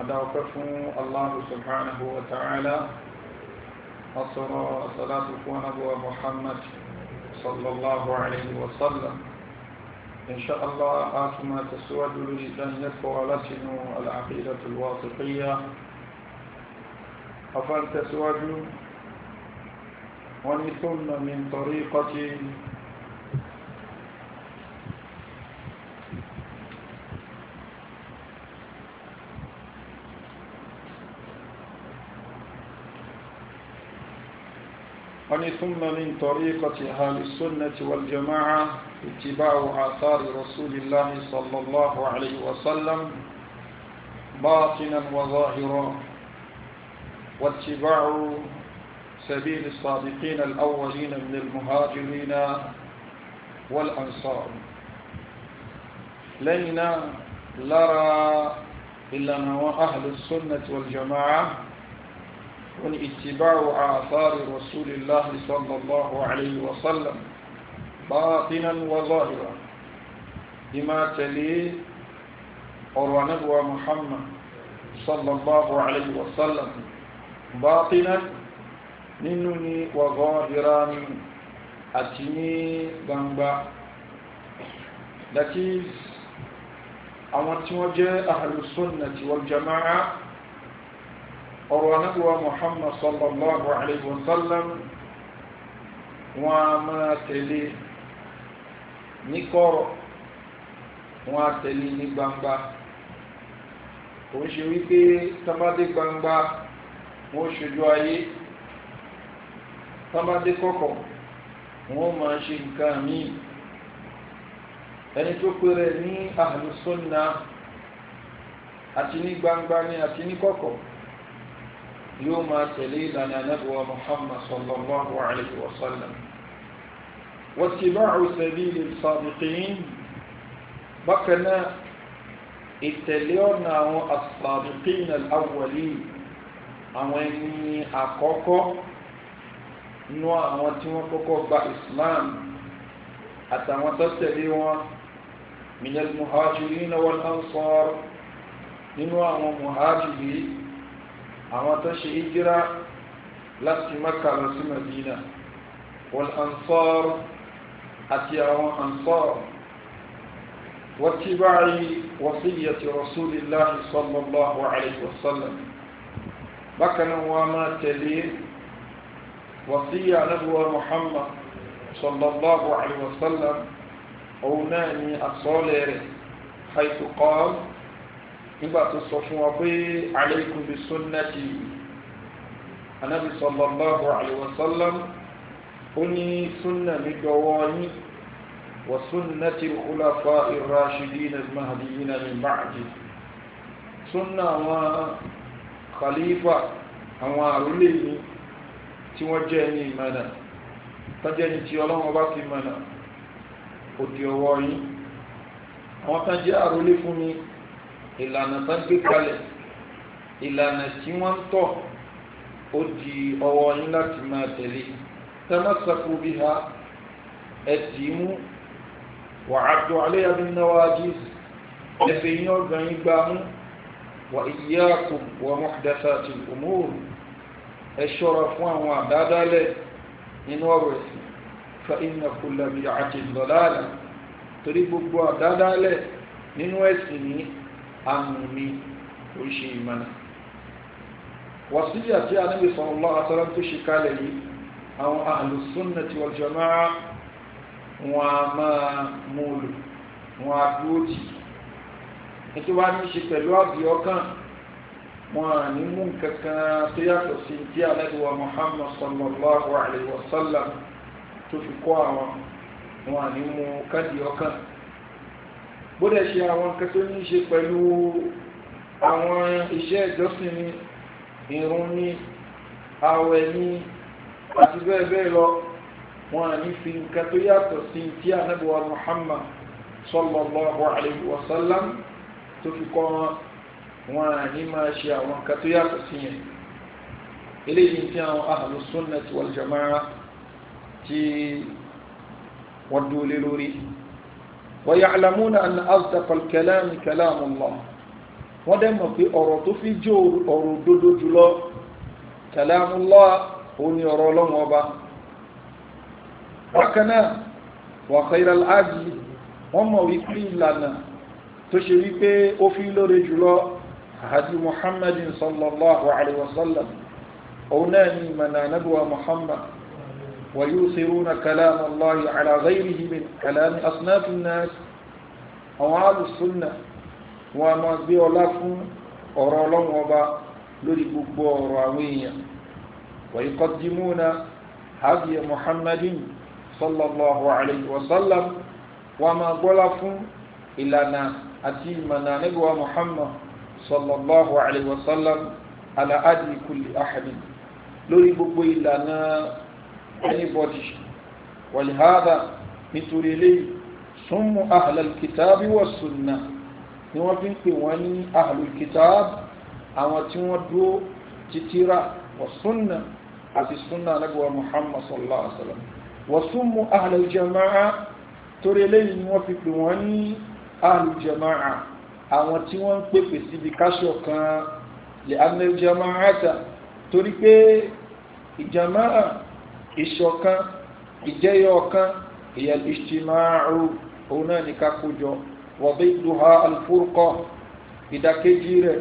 adáwọ̀pẹ́ fún Allahu subhanahu wa ta'ala asọ̀rọ̀ asọ̀látù fún anábọ̀wà Muhammad sallallahu alayhi wa sallam insha Allah a tún máa tẹ̀síwájú lórí ìdánilẹ́kọ̀ọ́ látinú al-aqidatul wasitiyya afẹ́ tẹ̀síwájú wọ́n ní nà min tariqati يعني ثم من طريقة أهل السنة والجماعة اتباع آثار رسول الله صلى الله عليه وسلم باطنا وظاهرا واتباع سبيل الصادقين الأولين من المهاجرين والأنصار لينا لرى إلا أهل السنة والجماعة من اتباع آثار رسول الله صلى الله عليه وسلم باطنا وظاهرا بما تلي أروى نبوى محمد صلى الله عليه وسلم باطنا ننني وظاهرا أتني بنبا That is, àwọn tí wọ́n jẹ́ ahlus ọ̀rọ̀ anábíwá muhammad sallallahu alayhi wa sallam wọn a máa tẹ̀lé ní kọ̀rọ̀ wọn a tẹ̀lé ní gbangba kò ń ṣe wípé tábàdé gbangba wọn ò ṣojú ayé tábàdé kọ̀kọ̀ wọn ò máa ṣe nǹkan míì ẹni tó pèrè ní ahlùsọ́nà àti ní gbangba ni àti ní kọ̀kọ̀ yóò máa tẹ̀lé ìlànà anábìwá muhammad sallallahu alayhi wa sallam wàtíbáàrù sẹ́bílì sàbìkìín bákan náà ìtẹ̀lé ọ̀nà àwọn asàbìkìín aláwọ̀lì àwọn ẹni àkọ́kọ́ nú àwọn tí wọ́n kọ́kọ́ gba islam àtàwọn tó tẹ̀lé wọn minal muhajirin wal ansar nínú àwọn muhajiri àwọn tó ṣe hijira láti Mẹ́kà lọ sí Madina wal ansar àti àwọn ansar واتباع وصية رسول الله صلى الله عليه وسلم بكنا وما تلي وصية نبوة محمد صلى الله عليه وسلم أوناني أصالر حيث قال nígbà tó sọ fún wa pé alaykum bi sunnati anabi sallallahu alayhi wa sallam ó ní sunna mi dọwọ́ yín wa sunnati al-khulafa'i ar-rashidin al-mahdiyyin min ba'di sunna àwọn khalifa àwọn àrólé yìí tí wọ́n jẹ́ ẹni ìmọ̀nà tọ́jẹ́ ni tí ọlọ́run bá fi mọ̀nà òdì ọwọ́ yín àwọn kan jẹ́ àrólé fún mi ìlànà tó ń gbé kalẹ̀ ìlànà tí wọ́n ń tọ̀ ó di ọwọ́ yín láti máa tẹ̀lé tamassaku biha ẹ tì í mú wa'addu 'alayha bin-nawajiz ẹ̀fẹ̀ yín ọ̀gbọ̀n yín gbà mú wa iyyakum wa muhdathati al-umur ẹ ṣọ́ra fún àwọn àdádálẹ̀ nínú ọ̀rọ̀ ẹ̀sìn fa inna kulla bid'atin dalalah torí gbogbo àdádálẹ̀ nínú ẹ̀sìn yìí amúni oríṣi ìmọ̀nà wàsíyà tí anábì sallallahu alaihi wasallam tó ṣe kalẹ̀ yìí àwọn ahlus sunnati wal jamaa wọn a máa mú lò wọn a dúró tì nítorí wàá ní ṣe pẹ̀lú àbíọ́kàn wọn ni mú kankan tó yàtọ̀ sí tí alẹ́dùwà muhammad sallallahu alayhi wa sallam tó fi kọ́ àwọn wọn ni mú kádìí ọkàn bódẹ̀ ṣe àwọn nǹkan tó ní í ṣe pẹ̀lú àwọn iṣẹ́ ìjọsìn ni ìrun ni àwẹ̀ ni àti bẹ́ẹ̀ bẹ́ẹ̀ lọ wọn à ní fi nǹkan tó yàtọ̀ sí ti ànábìwá Muhammad sallallahu alayhi wa sallam tó fi kọ́ wọn à ní máa ṣe àwọn nǹkan tó yàtọ̀ sí yẹn eléyìí tí àwọn ahlu sunnah wal jama'a wọ́n dúró lé lórí. ويعلمون أن أصدق الكلام كلام الله wọ́n dẹ̀ mọ̀ pé ọ̀rọ̀ tó fi jó ọ̀rọ̀ òdodo jùlọ kalamullah òun ni ọ̀rọ̀ ọlọ́run ọba bákan náà wa khairal hadi wọ́n mọ̀ wípé ìlànà tó ṣe wípé ó fi lóore jùlọ hadi muhammadin sallallahu alaihi wasallam òun náà ni ìmọ̀nà anábíwá muhammad ويؤثرون كلام الله على غيره من كلام أصناف الناس أو أهل السنة وما بي ولكم أرولهم وبا لوري بوبوراوية ويقدمون هدي محمد صلى الله عليه وسلم وما ظلفوا إلا أتي من نبوى محمد صلى الله عليه وسلم على أدي كل أحد لوري بوبو إلا anybody wàlíhádà nítorí eléyìí súnmù ahlàlkìtàbí wà súnà ni wọ́n fi ń pè wọ́n ní ahlàlkìtàbí àwọn tí wọ́n dúró títírà wà súnà àti súnà anábíwá muhammad sallallahu alaihi wa sallam wà súnmù ahlàljama'a torí eléyìí ni wọ́n fi pè wọ́n ní ahlàljama'a àwọn kan lè ahlàljama'ata torí pé ìṣọ̀kan ìjẹyọ ọ̀kan ìyẹ ìṣtìmáàrù òun náà ní kakójọ wọ̀dí duha alfurkọ ìdàkejì rẹ̀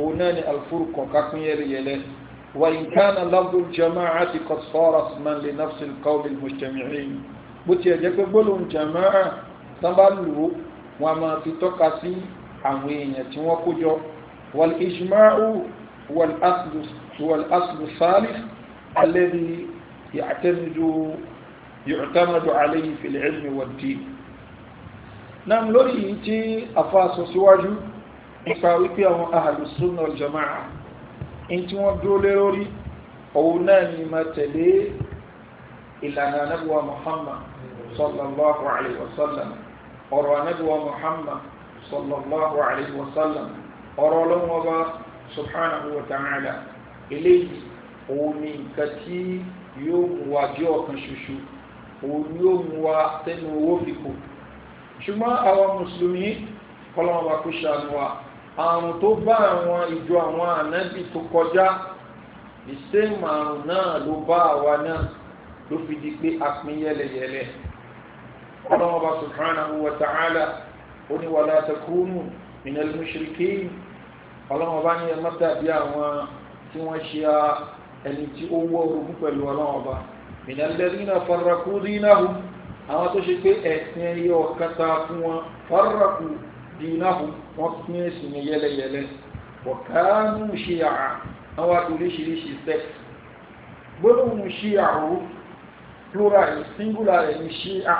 òun náà ní alfurkọ kápín yẹlẹyẹlẹ wàyí kánà lábùl jama'a ti kọ sọ́ra man lè nafsi kọ́ọ̀lì mùsùlùmí bó tiẹ̀ jẹ́ pé gbólóhùn jama'a tán bá lù ú wọn máa fi tọ́ka sí àwọn èèyàn tí wọ́n kójọ wal ijma'u wal aslu salis alladhi يعتمد يعتمد عليه في العلم والدين نعم لوري تي افاسو سواجو يفاوي اهل السنه والجماعه انت ودول لوري او ناني ما تلي الا نبوة محمد صلى الله عليه وسلم اور نبوة محمد صلى الله عليه وسلم اور لهم سبحانه وتعالى إليه أوني كتير yóò mú wa jẹ́ ọ̀kan ṣoṣo òun yóò mú wa tẹnu owó fi kù ṣùgbọ́n àwọn mùsùlùmí kọ́lọ́mọba kò ṣàánú wa àrùn tó bá àwọn ìjọ àwọn ànábì tó kọjá ìsẹ́mù àrùn náà ló bá àwa náà ló fi di pé a pín yẹlẹyẹlẹ kọ́lọ́mọba subhanahu wa ta'ala ó ní wala takunu ní ẹ mọ́tàbí àwọn tí wọ́n ṣe ẹni tí ó wọ́ orogún pẹ̀lú ọlọ́run ọba ìnàlẹ́rìnà farakú dínàhùn àwọn tó ṣe pé ẹ̀sìn ẹyẹ ọ̀kata fún wọn farakú dínàhùn wọn pín ẹ̀sìn yẹlẹyẹlẹ ọ̀kánú ṣe àwọn oríṣiríṣi sex gbólóhùn ṣe plural singular rẹ̀ ní ṣe à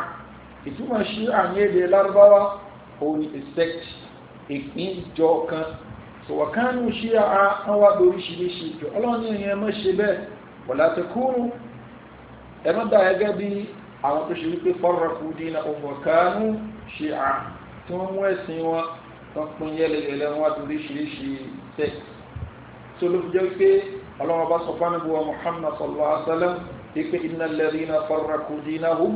ìtumọ̀ ṣe à ní èdè lárúbáwá òun ni a kan sọ̀wọ̀kánù ṣí àá àwọn àdóríṣiríṣi ìpè ọlọ́run ní ìyẹn mọ́ ṣe bẹ́ẹ̀ wọ̀lá ti kúrú ẹ̀mọ́ dà gẹ́gẹ́ bí àwọn tó ṣe wípé fọ́rọ̀kù dínà ọ̀wọ̀kánù ṣí àá tí wọ́n mú ẹ̀sìn wọn tó pín yẹlẹyẹlẹ wọn àdóríṣiríṣi tẹ̀ tó ló fi jẹ́ wípé ọlọ́run bá sọ fánibù wa Muhammad sallallahu alaihi wípé iná lẹ́rìnà fọ́rọ̀kù dínà hum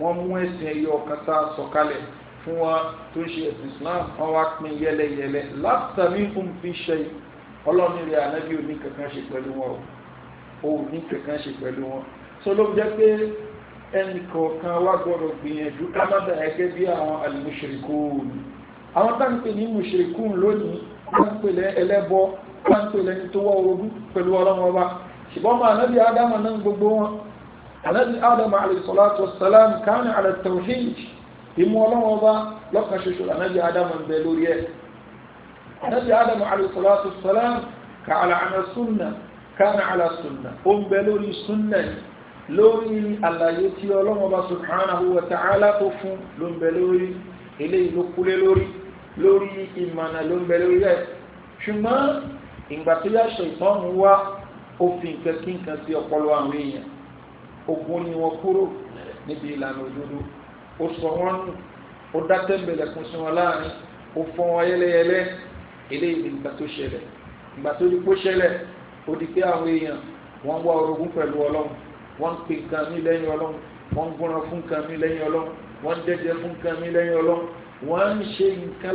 wọ́n mú ẹ̀sìn ẹ̀yọ ọ̀kan tá a sọ̀kalẹ̀ fún wa tó ń ṣe ẹ̀sìn Islam wọ́n wá pín yẹlẹyẹlẹ látàmí fún fi ṣe ọlọ́run ilẹ̀ anábì òní kankan ṣe pẹ̀lú wọn o òní kankan ṣe pẹ̀lú wọn tó ló jẹ́ pé ẹnì kọ̀ọ̀kan wá gbọ́dọ̀ gbìyànjú kánádà ẹgẹ́ bí àwọn al-mushrikun àwọn táǹpẹ̀ ní mushrikun lónìí táǹpẹ̀ ẹlẹ́bọ táǹpẹ̀ lẹ́ni tó anabi adam alayhi salatu wa salam kánà ala tawhid ìmú ọlọ́wọ́n bá lọ́kàn ṣoṣo anabi adam ń bẹ lórí ẹ̀ anabi adam alayhi salatu wa salam kàlà àna sunna kánà ala sunna ó ń bẹ lórí sunna lórí àlàyé tí ọlọ́wọ́n bá subhanahu wa ta'ala tó fún ló ń bẹ lórí eléyìí ló kúlé lórí lórí ìmọ̀nà ló ń bẹ lórí ẹ̀ ṣùgbọ́n ìgbà tó yá ṣe ìtọ́nu wá ó fi nǹkan kí nǹkan sí ọpọlọ àwọn èèyàn ogun ni wọn kúrò níbi ìlànà òdodo ó sọ wọn nù ó dá tẹ́ǹbẹ̀lẹ̀kùn sí wọn láàrin ó fọ́ wọn yẹ́lẹ́yẹ́lẹ́ eléyìí ni ìgbà tó ṣẹlẹ̀ ìgbà tó di kó ṣẹlẹ̀ ó di pé àwọn èèyàn wọ́n wá orogún pẹ̀lú ọlọ́run wọ́n ń pè nǹkan mi lẹ́yìn ọlọ́run wọ́n ń gbọ́nà fún nǹkan mi lẹ́yìn ọlọ́run wọ́n ń dẹ́jẹ́ fún nǹkan mi lẹ́yìn ọlọ́run wọ́n ń ṣe nǹkan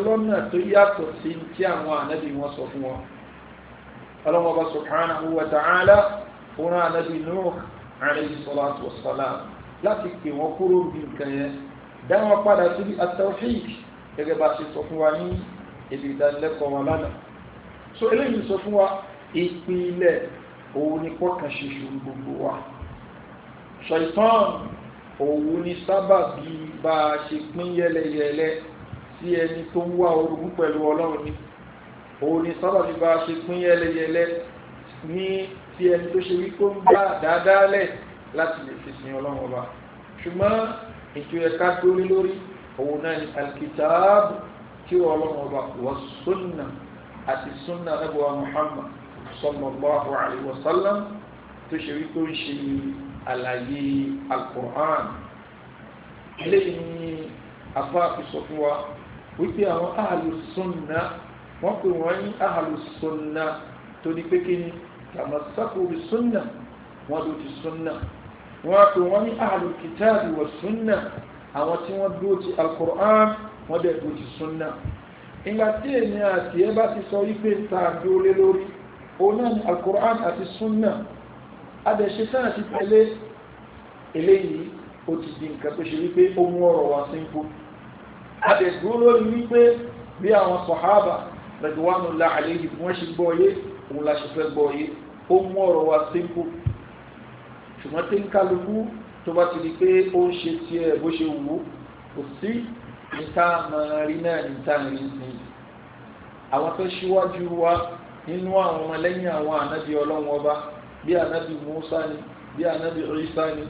lọ́nà ta'ala fúnra ànábì Nuh alayhi salatu wa salam láti pè wọ́n kúrò bí nǹkan yẹn dá wọn padà síbi at-tawhid gẹ́gẹ́ bá ṣe sọ fún wa ní ibi ìdánilẹ́kọ̀ọ́ wa lánàá so eléyìí sọ fún wa ìpìlẹ̀ òun ni kọ́kàn ṣoṣo gbogbo wa ṣaitan òun ni sábàbí bá a ṣe pín yẹlẹyẹlẹ sí ẹni tó ń wá orogún pẹ̀lú ọlọ́run ni òun ni sábàbí bá a ṣe pín yẹlẹyẹlẹ ní sí ẹni tó ṣe wípé ó ń gbá dáadáa lẹ̀ láti lè fi sin ọlọ́run ọba ṣùgbọ́n ètò ẹ̀ka torí lórí òun náà ni alkitaabu tí ọlọ́run ọba wọ́n sunna àti sunna nàbọ̀wá muhammad sallallahu alayhi wa sallam tó ṣe wípé ó ń ṣe àlàyé alkur'an eléyìí ni afa ìsọfúnwa wípé àwọn ahàlùsọ́nà wọ́n pè wọ́n ní ahàlùsọ́nà tó ní pé kí ni tàmásàkó bí súnà wọ́n ló ti súnà wọ́n á pè wọ́n ní ahlul kitabi wà súnà àwọn tí wọ́n dúró ti alukur'an wọ́n dẹ̀ dúró ti súnà ìgbà tí èmi àti ẹ bá ti sọ wípé ta dúró lé lórí òun náà ni àti súnà adẹ̀ṣe sáà ti tẹ̀lé eléyìí ó ti di nǹkan tó ṣe wípé ó mú ọ̀rọ̀ wá sí ń kú adẹ̀dúró lórí wípé bí àwọn sọ̀hábà radwanullahi wọ́n ṣe gbọ́ yé òun la ṣe fẹ́ gbọ́ yìí ó mú ọ̀rọ̀ wa simple ṣùgbọ́n tí ń kálukú tó bá ti di pé ó ń ṣe tiẹ̀ bó ṣe wù ú kò sí níta máa rí náà níta rí ni àwọn tó ṣíwájú wa nínú àwọn ọmọlẹ́yìn àwọn ànábì ọlọ́run ọba bí ànábì Musa ni bí ànábì Isa ni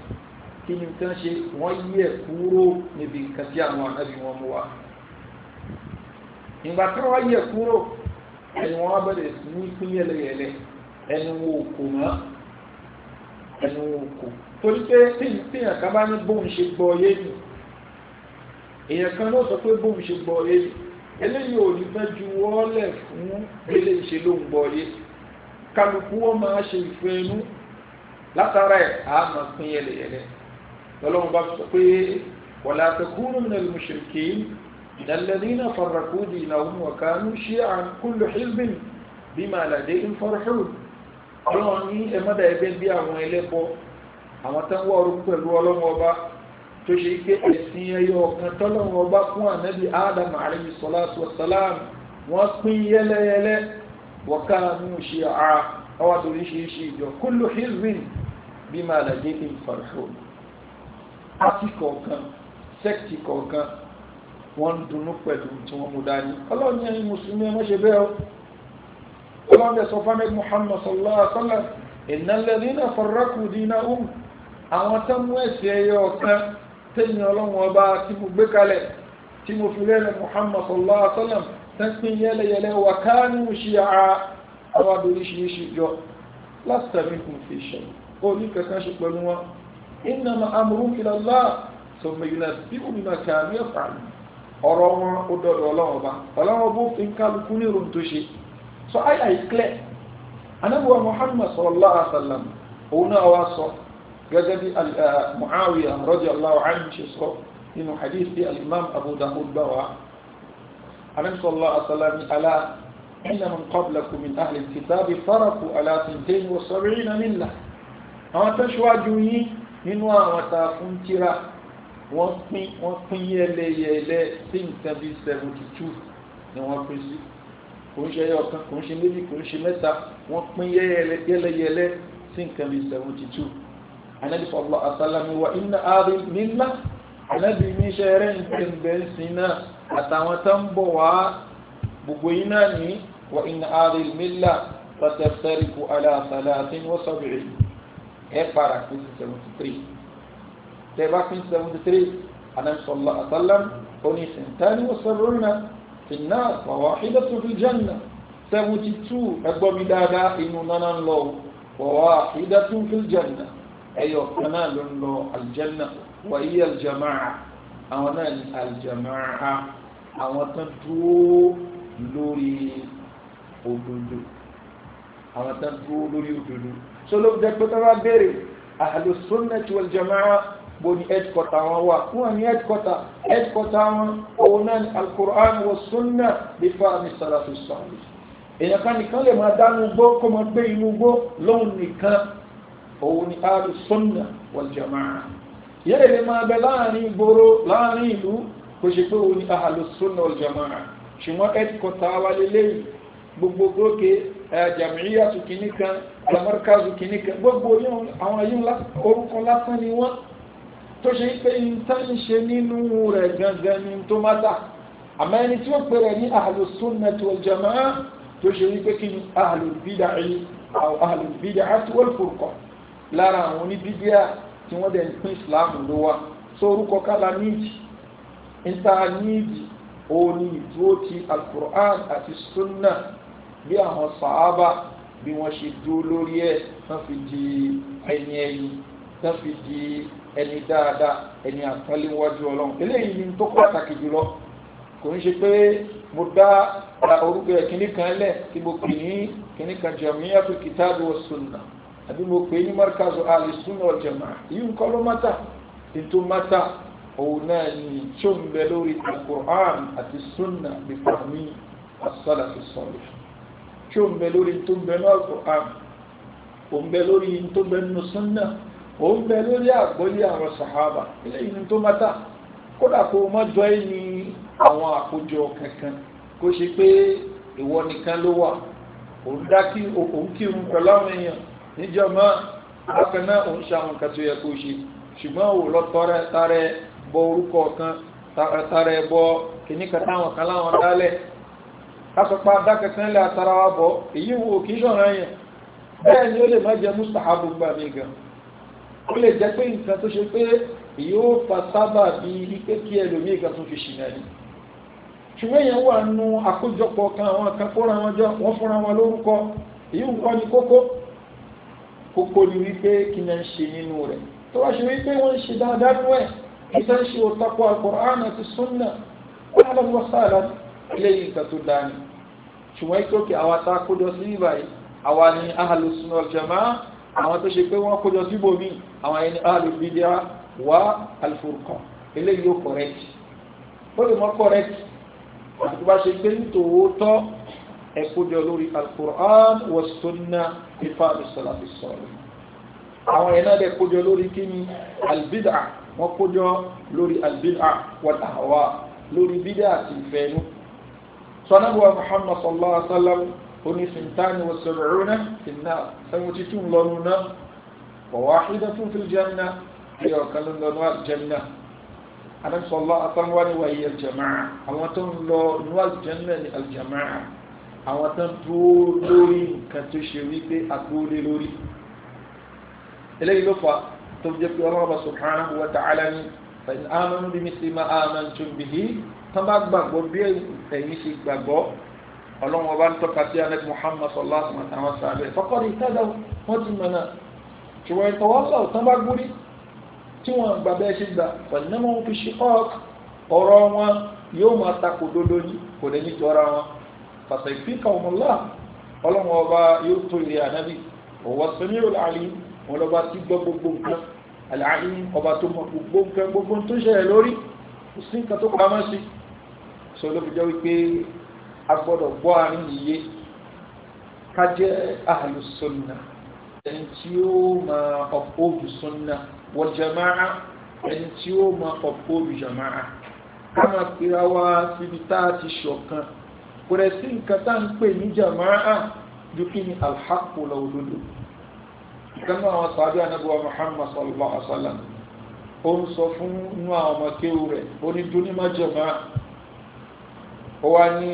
kí ni tán ṣe wọ́n yí ẹ̀ kúrò níbi nǹkan tí àwọn ànábì wọn mú wa ìgbà tí wọ́n yí ẹ̀ kúrò ẹnu wọn bẹ̀rẹ̀ sí ní pín yẹlẹyẹlẹ ẹnu wo kò mọ́ ẹnu wo kò torí pé tíyàn kan bá ní bóun ṣe gbọ́ yé nì èèyàn kan náà sọ pé bóun ṣe gbọ́ yé nì eléyìí ò ní fẹ́ ju wọ́ọ́lẹ̀ fún ilé ìṣe ló ń gbọ́ yé kálukú wọn máa ṣe ìfẹ́ inú látara ẹ̀ á máa pín yẹlẹyẹlẹ lọ́lọ́run bá sọ pé wala takunu minal mushrikin. الذين فرقوا دينهم وكانوا شيعا كل حزب بما لديهم فرحون ọlọ́run ní ẹmọ́dà ẹgbẹ́ bí àwọn ẹlẹ́bọ àwọn tó ń wá orúkú pẹ̀lú ọlọ́run ọba tó ṣe pé ẹ̀sìn ẹyọ ọ̀kan tọ́lọ́run ọba fún ànábì adam alayhi salatu wasalam wọ́n pín yẹ́lẹ́yẹ́lẹ́ wakanu shi'a ọwọ́ torí ṣe ṣe ìjọ kullu hizbin bima ladayhim farihun pátì kọ̀ọ̀kan sẹ́kìtì kọ̀ọ̀kan wọ́n ń dunnú pẹ̀lú tí wọ́n mú dání ọlọ́run ní ẹni mùsùlùmí ẹ má ṣe bẹ́ẹ̀ o ọlọ́run bẹ̀ sọ fámẹ́lì Muhammad sallallahu alaihi wa sallam innal ladhina farraqu dinahum àwọn tó mú ẹ̀sìn ẹyẹ ọ̀kan tẹ̀yìn ọlọ́run ọba tí mo gbé kalẹ̀ tí mo fi lẹ́nu Muhammad sallallahu alaihi wa sallam tẹ́sí yẹlẹyẹlẹ wà kánú ṣíà àwọn adoríṣiríṣi jọ látàrí kùn fi ṣe ọ̀rọ̀ wọn ó dọ̀dọ̀ ọlọ́run ọba ọlọ́run ọba ó fi ń kálukú ní ìròyìn tó ṣe so àyà yìí clear anábùwà muhammad sallallahu alaihi wa sallam òun náà wá sọ gẹ́gẹ́ bí uh, muawiya radiyallahu anhu ṣe sọ nínú hadith bí alimam abu dawud bá wa anábì sallallahu alaihi wa sallam ní alá inna man qablakum min ahli al-kitabi faraqu ala thintain wa sab'ina àwọn tó ṣíwájú yín nínú àwọn tá a fún wọ́n pín wọ́n pín yẹ́lẹ́yẹ́lẹ́ sí nǹkan bíi seventy two ni wọ́n pín sí kò ń ṣe ẹyọ kan kò ń ṣe méjì kò ń ṣe mẹ́ta wọ́n pín yẹ́lẹ́yẹ́lẹ́ sí nǹkan bíi seventy two anabi sọlọ asalami wa iná ari nílá anabi ní sẹ́rẹ́ nǹkan bẹ́ẹ̀ sí náà àtàwọn tó ń bọ̀ wá gbogbo yín náà ní wa iná ari nílá pàtẹ́fẹ́rì kù aláàtàlá àti wọ́n sọ̀rọ̀ ẹ̀ para ní seventy three tẹ́bá fi seventy three anamsọ̀lá àtàlám oní sèǹtánì wọ́sọ̀rọ̀nà iná wàwá ìdọ́tòfin jẹ́nà seventy two ẹgbọ́n mi dáadáa inú nánà ń lọ wàwá ìdọ́tòfin jẹ́nà ẹ̀yọ̀ kanáà ló ń lọ àlìjẹ́nà wàyí àlìjẹ́máà àwọn náà ní àlìjẹ́máà àwọn tán dúró lórí òdodo àwọn tán dúró lórí òdodo sọlọ́ jẹ́ pé tó bá béèrè ahlu sunnati wal jamaa bó ni headquarter wọn wà ni headquarter headquarter wọn òun náà ni alukur'an wa sunna bí fáàmì sàlàfù sàlù èèyàn kan nìkan lè máa dánú gbó kó máa gbé inú gbó lóhun nìkan òun ni alu sunna wal jamaa yẹ́n lè máa bẹ láàrin ìgboro láàrin ìlú kò ṣe pé ni alu sunna wal jamaa ṣùgbọ́n headquarter wa lélẹ́yìn gbogbo gòkè eh, jàmíyà tùkìníkan alamarkazu kìníkan gbogbo àwọn yìí orúkọ lásán ni wọ́n tó ṣe pé n tá ń ṣe nínú rẹ̀ gangan ni tó má dà àmọ́ ẹni tí ó pèrè ní ahlus sunnati wal jamaa tó ṣe wípé kí ni ahlul bid'ah aw ahlul lára àwọn oníbídíà tí wọ́n dẹ̀ ń pín islam ló wà so kálá níìdì níta níìdì òun ìdúró ti al àti sunna bí àwọn sàábà bí wọ́n ṣe dúró lórí ẹ̀ tán fi di ẹni ẹyin tán fi di ẹni dáadáa ẹni àpọ́nléwájú ọlọ́run eléyìí ni tó pàtàkì jùlọ kò ń ṣe pé mo dá orúkọ ẹ̀ kìíní kan lẹ̀ tí mo pè ní kìíní kan jami'atu kitabi wa sunna àbí mo pè ní markazu ahli sunna wal jama'a yìí ń kọ́ ló mátà ètò mátà òun náà ni tí ń bẹ lórí al àti sunna bí fàmí as-salafi salih tí ń bẹ lórí tó ń bẹ náà al-Qur'an òun bẹ lórí tó ń bẹ nínú sunna onu ń bẹ lórí àgbọ́lé àwọn sàhábà eléyìí tó mátà kódà kó má jọ ẹ́ ní àwọn àkójọ kankan kó ṣe pé ìwọ nìkan ló wà òun dákí òun kírun pẹ̀lú àwọn èèyàn níjọba bákan náà òun ṣe àwọn nǹkan tó yẹ kó ṣe ṣùgbọ́n òun lọ tọrẹ bọ orúkọ kan tààrẹ bọ kìnnìkan táwọn kan láwọn dálẹ̀ kásọpá dákẹ́kẹ́ lẹ́ bọ̀ èyí wo kì í ó lè jẹ́ pé nǹkan tó ṣe pé yóò fa sábà bí wípé kí ẹlòmíì kan tó fi ṣìnà rí ṣùgbọ́n èèyàn wà nù àkójọpọ̀ kan àwọn kan fúnra wọn jọ wọ́n fúnra wọn lórúkọ èyí ń kọ́ ni kókó kókó ni wípé kí ni a ń ṣe nínú rẹ̀ tó wá ṣe wípé wọ́n ń ṣe dáadáa nú ẹ̀ kí ni a ń ṣe òtakò Al-Qur'an àti súnà wọ́n á lọ́wọ́ sáàlá eléyìí nǹkan tó dáa ni ṣùgbọ́n ètò òkè àwa tá a kójọ sí ibà yìí àwa ni ahlus sunnah wal àwọn tó ṣe pé wọ́n kójọ síbò mí àwọn ẹni alùbídíà wá alfurqan eléyìí ó kọ̀rẹ́tì ó lè mọ́ kọ̀rẹ́tì àti tó bá ṣe pé nítòótọ́ ẹ kójọ lórí alquran wa sunna ifa salaf salih àwọn ẹ̀nà lè kójọ lórí kí ni albidà wọ́n kójọ lórí albidà wal ahwa lórí bídà àti ìfẹ́nu sọ́nàbùwà muhammad sallallahu alaihi wa sallam oní sintani wa sọ̀rọ̀rọ̀nà iná sẹ́wọ́tí tún lọ́nu náà wọ̀wá ìdá tún fi jẹ́nà bí ọ̀kan ló lọ́nu àjẹ́nà anamsọ̀lọ́ atánwáni wa yẹ jama'a àwọn tó ń lọ nu àjẹ́nà ni aljama'a àwọn tó ń dúró lórí nǹkan tó ṣe wípé àdúró lórí eléyìí fa tó jẹ́ pé ọlọ́run subhanahu wa ta'ala ni fẹ̀yìn amanu bí mi sì amantum bihi tán bá gbàgbọ́ bí ẹ̀yin ṣe gbàgbọ́ ọlọ́run ọba ń tọ́ka sí anabi muhammad sallallahu alaihi wa sallam àwọn sábẹ́ fọkọ́dé ìtajà wọ́n ti mọ̀ náà ṣùgbọ́n ìtọ́wọ́sọ tán bá gúrí tí wọ́n gbà bẹ́ẹ̀ ṣe gbà pẹ̀lú náà wọ́n fi ṣe ọ́ọ̀kì ọ̀rọ̀ wọn yóò máa takò dodo ní kò lè ní jọra wọn pàṣẹ ìfíkà ọmọlá ọlọ́run ọba yóò tó ìrẹ́ ànábì ọ̀wọ́ sẹ́míọ̀ àlì wọn lọ́ba tí gbọ́ gbogbo nǹkan agbọ́dọ̀ gbọ́ àárín yìí ká jẹ́ ahlu sunna ẹni tí ó máa ọ̀pọ̀lù sunna wọ jama'a ẹni tí ó máa ọ̀pọ̀lù jama'a ká máa pera wá síbi tá a ti ṣọ̀kan kò rẹ̀ sí nǹkan tá à ń pè ní jama'a ju kí ni alhaqu lọ òdodo ìkànnì àwọn Muhammad sallallahu alaihi wa sallam ó ń sọ fún inú àwọn ọmọ kéwù rẹ̀ ó ní dúnímọ̀ jama'a ó wá ní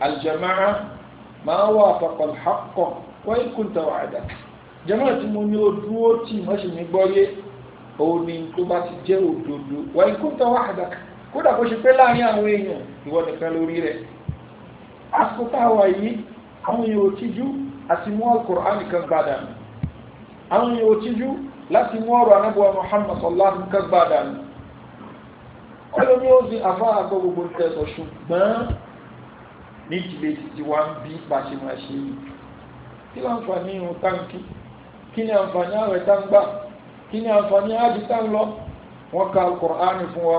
aljamaa máa wà àpapọ̀ àkọ́ wọ́n kún tàwọn àdá jamaa tí mo ní o dúró tì má ṣe mi gbọ́ yé òun ni tó bá ti jẹ́ òdodo wọ́n kún tàwọn àdá kódà bó ṣe pé láàrin àwọn èèyàn ìwọ nìkan lórí rẹ̀ àsìkò táwa yìí àwọn èèyàn ò tíjú àti mú Al-Qur'ani kan gbàdà mi àwọn èèyàn ò tíjú láti mú ọ̀rọ̀ anábọ̀ Muhammad sallallahu alaihi kan gbàdà mi ọlọ́ni ó fi àfáà gbọ́ gbogbo ìtẹ̀sọ̀ ṣùgbọ́n ní ìdílé títí wá ń bí pàṣẹ máa ṣe yìí kí ló ń fa ní irun táǹkì kí ni àǹfààní àwẹ̀ táǹgbà kí ni àǹfààní ájì táǹlọ wọn ka alukur'ani fún wa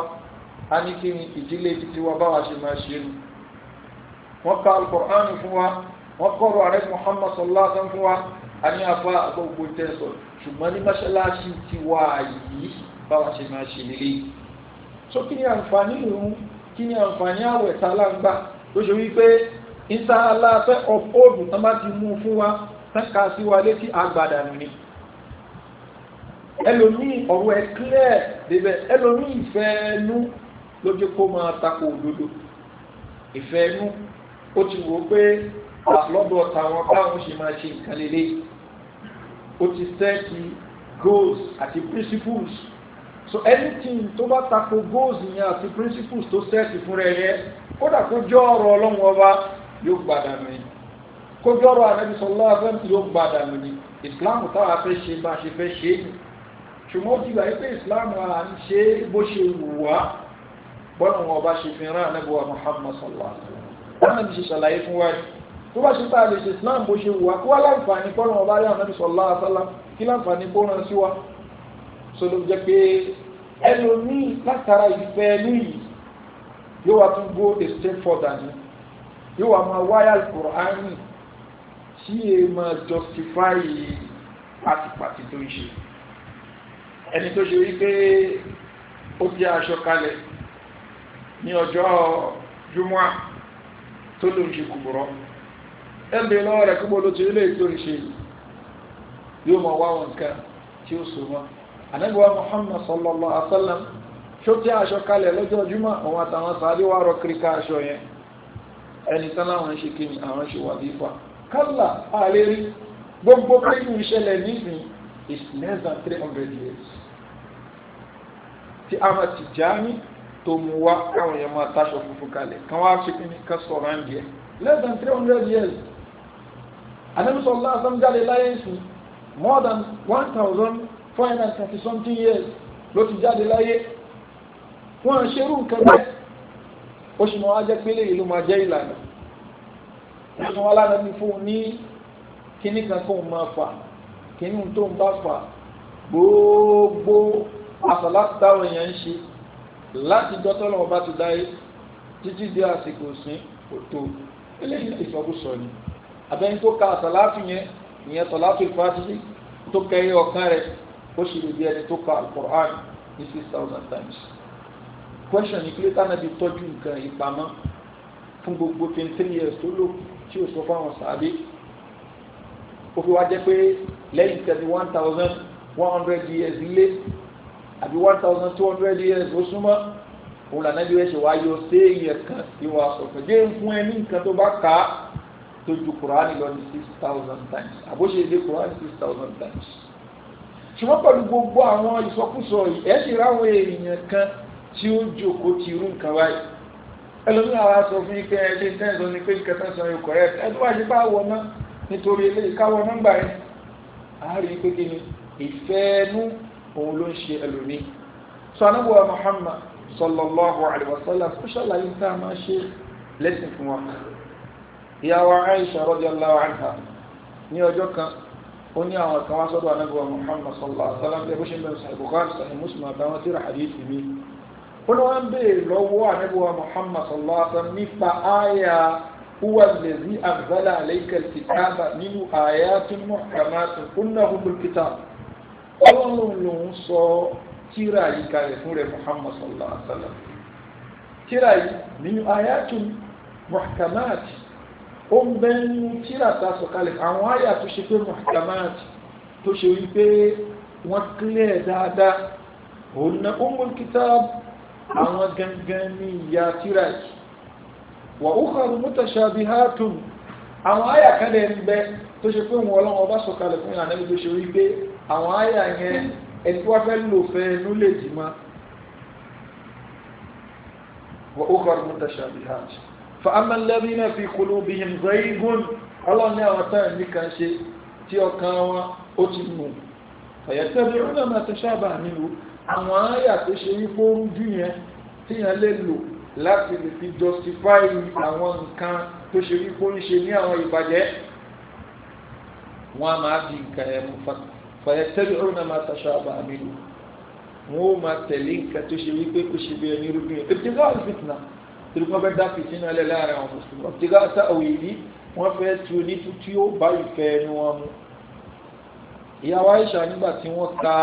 a ní kí ni ìdílé títí wá báwa ṣe máa ṣe yìí wọn ka alukur'ani fún wa wọn kọrọ ààrẹ Muhammad sallallahu alaihi wa sallam fún wa a ní afa àgbọ̀gbọ̀ tẹ̀sọ̀ ṣùgbọ́n ní mọ́ṣáláṣí ti wá yìí báwa ṣe máa ṣe nílé so kí ni àǹfààní irun kí ni àǹfààní àwẹ̀ tá a tó ṣe wípé ìta aláfẹ́ of old tán bá ti mú fún wa tán ká sí wa létí àgbàdà ni ẹlòmíì ọ̀rọ̀ ẹ̀ clear débẹ̀ ẹlòmíì ìfẹ́ ẹnu ló jẹ́ kó máa tako òdodo ìfẹ́ ẹnu ó ti wò pé lọ́dọ̀ tàwọn báwọn ṣe máa ṣe nǹkan lélẹ̀ ó ti sẹ́ẹ̀kì goals àti principles so anything tó bá tako goals yẹn àti principles tó sẹ́ẹ̀kì fúnra ẹ̀ kódà kó jẹ́ ọ̀rọ̀ ọlọ́run ọba yóò gbàdà mí kó jẹ́ ọ̀rọ̀ ànábì sọlá fẹ́ yóò gbàdà mí ni ìsìláàmù táwa fẹ́ ṣe bá ṣe fẹ́ ṣe é ṣùgbọ́n ó ti gbà pé ìsìláàmù à ń ṣe bó ṣe wù wá bọ́nà wọn ọba ṣe fi rán ànábì Muhammad sọlá wọn náà ti ṣe ṣàlàyé fún wa yìí tó bá ṣe tá a lè ṣe ìsìláàmù bó ṣe wù wá kó wá láǹfààní bọ́nà wọn bá rí ànábì sọlá sọlá kí láǹfààní kó rán sí wa sọlọ jẹ pé ẹlòmíì látara ìfẹ́ ẹlú yìí yóò wá tún go a step further ni yóò wá máa wáyà alukur'ani tí e máa justify pátipàti tó ń ṣe ẹni tó ṣe wípé ó bí aṣọ kalẹ̀ ní ọjọ́ júmọ́à tó ló ń ṣe kùbùrọ̀ ẹ̀bẹ̀ lọ́wọ́ rẹ̀ kúbọ̀ ló ti ilé tó ń ṣe yóò máa wá wọn nǹkan tí ó so mọ́ ànábì Muhammad sallallahu alaihi wa sallam ṣó tí aṣọ kalẹ̀ lọ́jọ́ júmọ́ àwọn àtàwọn sàádé wà rọ kíríkà aṣọ yẹn ẹni tán láwọn ṣe kí ni àwọn ṣe wà bífà kálà àlè rí gbogbo pẹ̀lú ìṣẹ̀lẹ̀ nísìn is less than three hundred years tí àwọn Tìjàní tó mú wá káwọn yẹn máa táṣọ funfun kalẹ̀ kan wá ṣe kí ni kan sọ̀rọ̀ àǹdí ẹ̀ less than three hundred years anamisọ̀ ọ̀la àsámjáde láyé sùn more than one thousand four hundred and thirty something years ló ti jáde láyé wọn à ń ṣerú nǹkan bẹ́ẹ̀ ó sì máa jẹ́ pélé ìlú máa jẹ́ ìlànà wọn alára ní fún un ní kíní kan kó máa fà kíní tó ń bá fà gbogbo àfàlátì táwọn èèyàn ń ṣe láti dọ́tọ́ lọ́wọ́ bá ti dáyé títí di àsìkò sí òtò eléyìí ìfọkúsọ ni àbẹ́yìn tó ka àsàlátù yẹn ìyẹn sàlátù ìfàtìsí tó kẹ́yẹ ọ̀kan rẹ̀ ó ṣe lè di ẹni tó ka alukur'an ní six thousand times question ni pé tánàbí tọ́jú nǹkan ìpamọ́ fún gbogbo twenty three years tó lò tí ó sọ fáwọn sàbí ó fi wá jẹ́ pé lẹ́yìn thirty one thousand one hundred years lé àbí one thousand two hundred years ó súnmọ́ òun làná bí wọ́n ṣe wá yọ séèyàn kan ìwà sọ̀tọ̀ jẹ́ ń fún ẹ ní nǹkan tó bá kà á tó ju kùránì lọ ní six thousand times àbóṣe èdè kùránì six thousand times ṣùgbọ́n pẹ̀lú gbogbo àwọn ìsọkúsọ ẹ̀ ṣe ráwọn èèyàn kan tí ó jòkó ti irú nǹkan báyìí ẹlòmí àwa sọ fún yín pé ẹ ṣe tẹ́ ẹ sọ ni pé nǹkan tán sọ yóò correct ẹ tó wá ṣe bá wọ náà nítorí eléyìí káwọ nọ́mbà yẹn àárín pé kí ni ìfẹ́ ẹnu òun ló ń ṣe ẹlòmí sọ anábọ̀wá Muhammad sallallahu alaihi wasallam ó ṣàlàyé tá a máa ṣe lẹ́sìn fún wa ìyàwó Aisha radiyallahu anha ní ọjọ́ kan ó ní àwọn kan wá sọ́dọ̀ anábọ̀wá Muhammad sallallahu alaihi ó ní wọ́n ń béèrè lọ́wọ́ ànábùwà muhammad sallallahu alaihi wa sallam nípa àyà huwa lèzi anzala alayka alkitaba nínú ayatun muhkamatun kunna humul kitab ọlọ́run lòún sọ tíra yìí kalẹ̀ fún rẹ̀ muhammad sallallahu alaihi wa tíra yìí nínú ayatun muhkamatun ó ń bẹ tíra tá a sọ kalẹ̀ àwọn àyà tó ṣe pé muhkamatun tó ṣe wípé wọ́n kílẹ̀ dáadáa òun náà ummul kitab àwọn gangan ní ìyá tíra yìí wà ó kàrù mutashabihatun àwọn àyà kan lè ń bẹ tó ṣe pé wọn ọlọ́wọ́ bá sọ̀kalẹ̀ fún ìlànà ibi tó ṣe wí pé àwọn àyà yẹn ẹni tó wá fẹ́ lò fẹ́ ẹnu lè dì má wà ó kàrù mutashabihatun fa amma alladhina fi qulubihim zaygun ọlọ́run ní àwọn táyà nìkan ṣe tí ọkàn wọn ó ti mú fàyẹ̀tẹ́bí ọ̀nà àtẹ̀ṣàbà nínú àwọn àyà tó ṣe wípé ó rújú yẹn tíyàn lè lò láti lè fi justify àwọn nǹkan tó ṣe wípé ó ń ṣe ní àwọn ìbàjẹ́ wọn a máa di nǹkan ẹ̀ mú fàyẹ̀tẹ́lẹ̀ ọ̀run náà máa taṣọ àbá mi lò wọn ó máa tẹ̀lé nǹkan tó ṣe wípé kò ṣe bí ẹni rújú yẹn tètè gáà fìtìnà tètè wọn fẹ́ dá fìtìnà lẹ̀ láàrin àwọn mùsùlùmí tètè gáà sá òye yìí wọn fẹ́ tu onítútù yóò bá ìfẹ́ ẹnu wọn mu ìyàwó àyíṣà nígbà tí wọ́n ka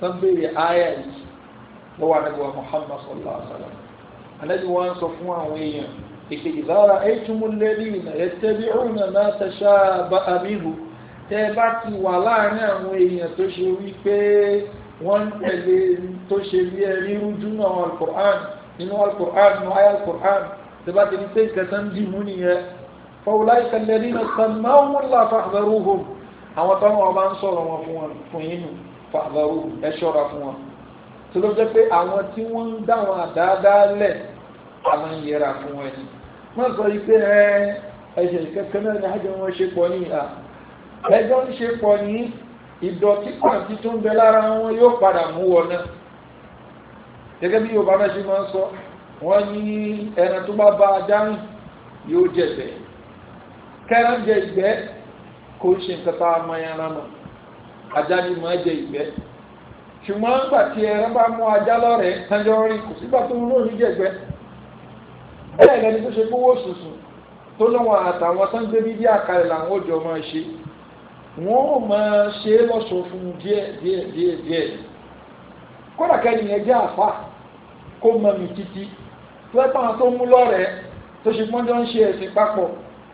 tán béèrè àyà yìí lọ́wọ́ anábíwá Muhammad sallallahu alaihi wa sallam anábí wọn sọ fún àwọn èèyàn èké ìdára ẹ̀túnmúlẹ́lì yattabi'una ma tashabaha minhu tẹ́ bá ti wà láàrin àwọn èèyàn tó ṣe wípé wọ́n tẹ̀lé tó ṣe bí ẹ ríru júnà alukur'an nínú alukur'an nínú ayé alukur'an tẹ́ bá ti ní pé nǹkan tán dì mú nìyẹn فأولئك الذين سماهم الله فاحذروهم àwọn táwọn ọba ń sọ̀rọ̀ wọn fún yín nù fàlọ́rù ẹ ṣọ́ra fún wọn tó ló jẹ́ pé àwọn tí wọ́n ń dá wọn àdáadáa lẹ̀ àwọn ń yẹra fún wọn ni wọ́n sọ yìí pé ẹ ẹ̀ṣẹ̀ kẹ́kẹ́ náà ni àjọ wọn ṣe pọ̀ ní ìhà ẹjọ́ ń ṣe pọ̀ ní ìdọ̀tí pàǹtí tó ń bẹ lára wọn yóò padà mú wọn náà gẹ́gẹ́ bí Yorùbá náà ṣe máa ń sọ wọ́n ní ẹran tó bá bá ajá rìn yóò jẹ̀bẹ̀ kẹ́rán jẹ ìgbẹ́ kò ń ṣe nǹkan tá a mọ ẹran mọ́ ajá ni máa jẹ ìgbẹ́ ṣùgbọ́n nígbà tí ẹran bá mú ajá lọ́rẹ̀ẹ́ tanjọ́ rìn kò sígbà tó ló ní jẹ̀gbẹ́ bẹ́ẹ̀ lẹni tó ṣe gbówó sùsùn tó lọ́wọ́ àtàwọn tó ń gbé bíbí àkàrẹ̀ làwọn òjò máa ṣe wọ́n ò máa ṣe é lọ́sọ̀ọ́ fún díẹ̀ díẹ̀ díẹ̀ díẹ̀ kódà kẹ́ni yẹn jẹ́ àfa kó mọ mi títí pẹ́pà tó mú lọ́rẹ̀ẹ́ tó ṣe pọ́njọ́ ń ṣe ẹ̀sìn papọ̀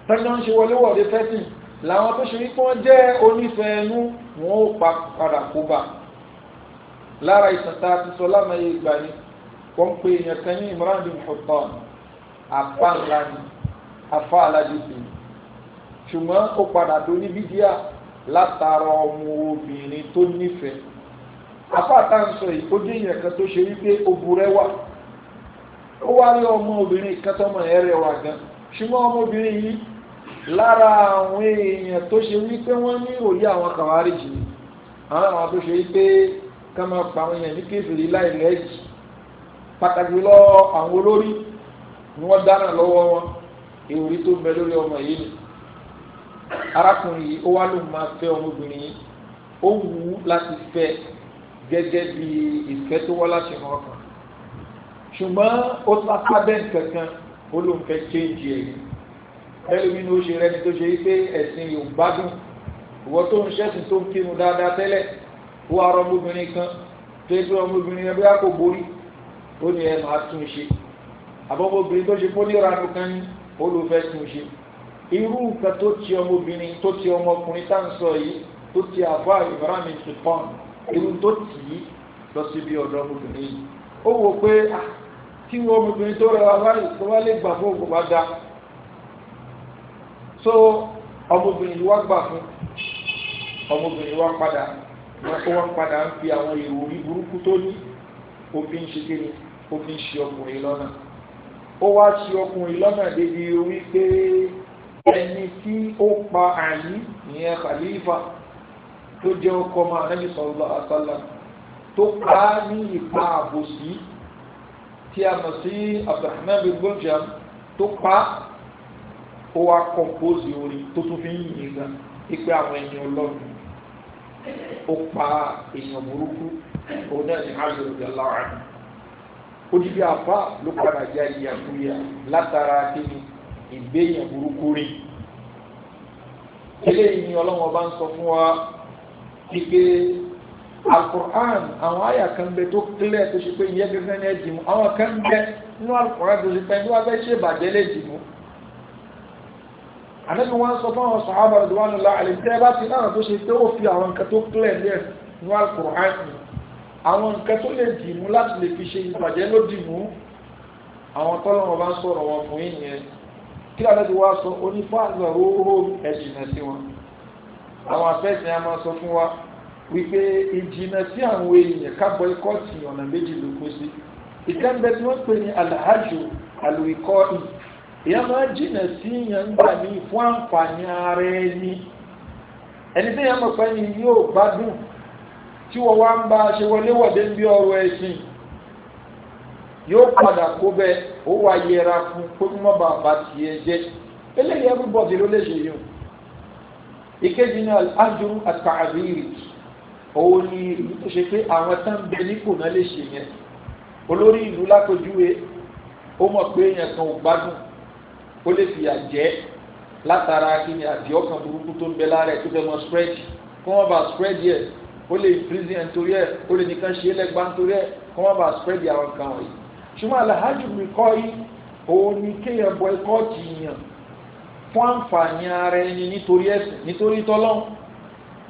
pẹ́jọ́ ń ṣe wọléwọ̀de fẹ́sìn làwọn tó ṣe wípé wọ́n jẹ́ onífẹ̀ẹ́ inú wọn ó pa padà kó bà lára ìsàntà àti sọ lámàyè ìgbà ni wọ́n pe èèyàn kan ní Imran bin Huttan apá ńlá ni afá aládé sí i ṣùgbọ́n ó padà dó ní bídíà látara ọmọ obìnrin tó nífẹ̀ẹ́ apá àtàǹsọ yìí ó jẹ́ èèyàn kan tó ṣe wípé ó burẹ́wà ó wá rí ọmọ obìnrin kan tọmọ ẹ̀ rẹwà gan ṣùgbọ́n ọmọbìnrin yìí lára àwọn èèyàn tó ṣe wípé wọ́n ní òye àwọn kàwáríjì ni àwọn àwọn tó ṣe wípé ká máa pa àwọn èèyàn ní kéfìrí láì lẹ́jì pàtàkì lọ àwọn olórí ni wọ́n dáná lọ́wọ́ wọn èwúrí tó ń bẹ lórí ọmọ yìí ni arákùnrin yìí ó wá lóun máa fẹ́ ọmọbìnrin yìí ó wù ú láti fẹ́ gẹ́gẹ́ bí ìfẹ́ tó wọ́n láti ràn ọkàn ṣùgbọ́n ó sábẹ́ nǹkan kan ó fẹ́ chéńjì ẹ̀yìn ẹlòmí ni ó ṣe rẹni tó ṣe wípé ẹ̀sìn yóò gbádùn ìwọ tó ń ṣẹ́sìn tó ń kírun dáadáa tẹ́lẹ̀ ó arọ ọmọbìnrin kan tó ń tún ọmọbìnrin ẹgbẹ́ àpò borí ó ní ẹ máa tún ṣe àbọ̀ ọmọbìnrin tó ṣe fún níranú kan ní olùfẹ́ tún ṣe irú nǹkan tó ti ọmọbìnrin tó ti ọmọkùnrin tá à ń sọ yìí tó ti àbá ìbáramì tìpọ́n irú tó tì í lọ sí bí ọ̀dọ́ ọmọbìnrin yìí ó wò pé ah, kí wọ́n ọmọbìnrin tó rẹwà wáyé tó wá lè gbà fún òkú bá dáa so ọmọbìnrin yìí wá gbà fún ọmọbìnrin wá padà ó wá padà ń fi àwọn ìròrí burúkú tó ní òfin ṣe kéde òfin ṣe ọkùnrin lọ́nà ó wá ṣe ọkùnrin lọ́nà débi orí pé ẹni tí ó pa àyí ìyẹn khalifa tó jẹ́ ọkọ ọmọ ànábì sallallahu alaihi tó pa á ní ipa àbòsí tí a mọ̀ sí abdulrahman bin tó pa á ó wá kọ̀mpóòsì orin tó tún fi ń yìn gan ipe àwọn ẹni ọlọ́run ó pa èèyàn burúkú òun náà ní azọ̀rọ̀dà láàrin odidi àbá ló padà jẹ́ ìyàkúyà látara kíni ìgbéyàn burúkú rìn eléyìí ni ọlọ́wọ́n bá ń sọ fún wa pípé alukur'an àwọn àyà kan bẹ tó kílẹ̀ tó ṣe pé ìyẹn gẹ́gẹ́ ní ẹ̀dìmú àwọn kan bẹ nínú alukur'an tó ṣe pé ní wọ́n ṣe bàjẹ́ lẹ́dìmú ànábi wọn sọ fún àwọn sàhábà rẹ̀ wọn lọ àlejò bá ti náà tó ṣe pé ó fi àwọn nǹkan tó clear díẹ̀ ní alukur'an àwọn nǹkan tó lè dì mú láti lè fi ṣe ìbàjẹ́ ló dì mú àwọn tọ́lọ́wọ́n bá ń sọ̀rọ̀ wọn fún yín yẹn kí ànábi wọn sọ onífàzọ̀ róró ẹ̀jìnà sí wọn àwọn afẹ́sẹ̀ a máa sọ fún wa wípé ìjìnà sí àwọn èèyàn kábọ̀ ikọ́ ti ọ̀nà méjì ló kó sí ìkẹ́ńbẹ́ tí wọ́n pè ní alhaju ìyẹn máa jìnnà sí yẹn gbà mí fún àǹfààní ara ẹni ẹni tí yẹn mọ̀ ni yóò gbádùn tí wọ́n wá ń bá a ṣe wọlé wọ̀dé ń bí ọrọ̀ ẹ̀sìn yóò padà kó bẹ́ẹ̀ ó wá yẹra fún pé kí wọ́n bá a bá tiẹ̀ jẹ́ eléyìí everybody ló lè ṣe yìí o ìkejì ní alájú àtàbíyì òun ni ìlú tó ṣe pé àwọn tán bẹ nípò náà lè ṣe yẹn olórí ìlú lápèjúwe ó mọ̀ pé èèyàn kan ò gbádùn ó lè fìyà jẹ látara kí ni àbí ọkàn burúkú tó ń bẹ lára ẹ̀ tó fẹ́ mọ spread kí wọ́n bá spread yẹ ó lè prison nítorí ẹ̀ ó lè nìkan ṣe é lẹ́gbàá nítorí ẹ̀ kí wọ́n bá spread àwọn kan wọ̀nyí ṣùgbọ́n alahaju mi kọ́ yìí òun ni kéèyàn bọ ẹkọ́ jìyàn fún àǹfààní ara ẹni nítorí ẹ̀sìn nítorí tọ́lọ́n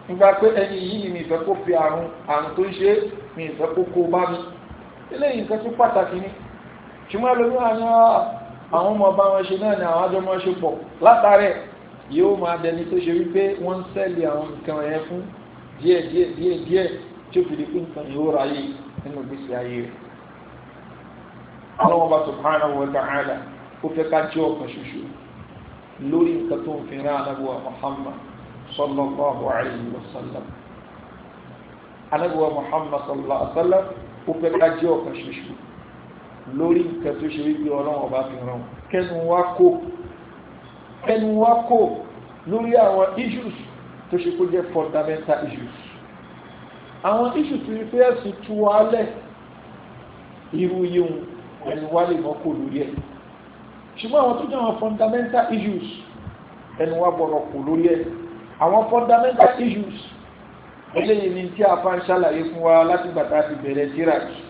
nígbà pé ẹni yìí ni mi fẹ́ kó fi àrùn àrùn tó ń ṣe mi fẹ́ kó kó bá mi eléyìí nǹkan tó pàtàkì ni ṣùgbọ́n ẹlòmíràn ni ah, àwọn ọmọ bá wọn ṣe náà ni àwọn àjọ máa ṣe pọ̀ látàrẹ yóò máa dẹni tó ṣe wípé wọ́n ń sẹ́ẹ̀lì àwọn nǹkan ẹ̀ fún díẹ̀ díẹ̀ díẹ̀ díẹ̀ tí ó fi di pé nǹkan yóò ráyè nínú gbèsè ayé rẹ̀. Allah subhanahu wa ta'ala ó fẹ́ ká jẹ́ ọ̀kan ṣoṣo lórí nǹkan tó ń fi rán anábùwà Muhammad sallallahu alayhi wa sallam anábùwà Muhammad sallallahu alayhi wa sallam ó fẹ́ ká jẹ́ ọ̀kan ṣoṣo lórí nǹkan tó ṣe wípé ọlọ́run ọba fi ràn kẹnu wá kó kẹnu wá kó lórí àwọn issues tó ṣe kó jẹ́ fundamental issues àwọn issues tó ṣe pé ẹ̀sùn tú wa lẹ̀ irú yíhun ẹnu wa lè mọ́ kó lórí ẹ̀ ṣùgbọ́n àwọn tó jẹ́ àwọn fundamental issues ẹnu wa gbọ́dọ̀ kó lórí ẹ̀ àwọn fundamental issues eléyìí ni tí a fa ń ṣàlàyé fún wa láti gbàtà ti bẹ̀rẹ̀ tíráàkì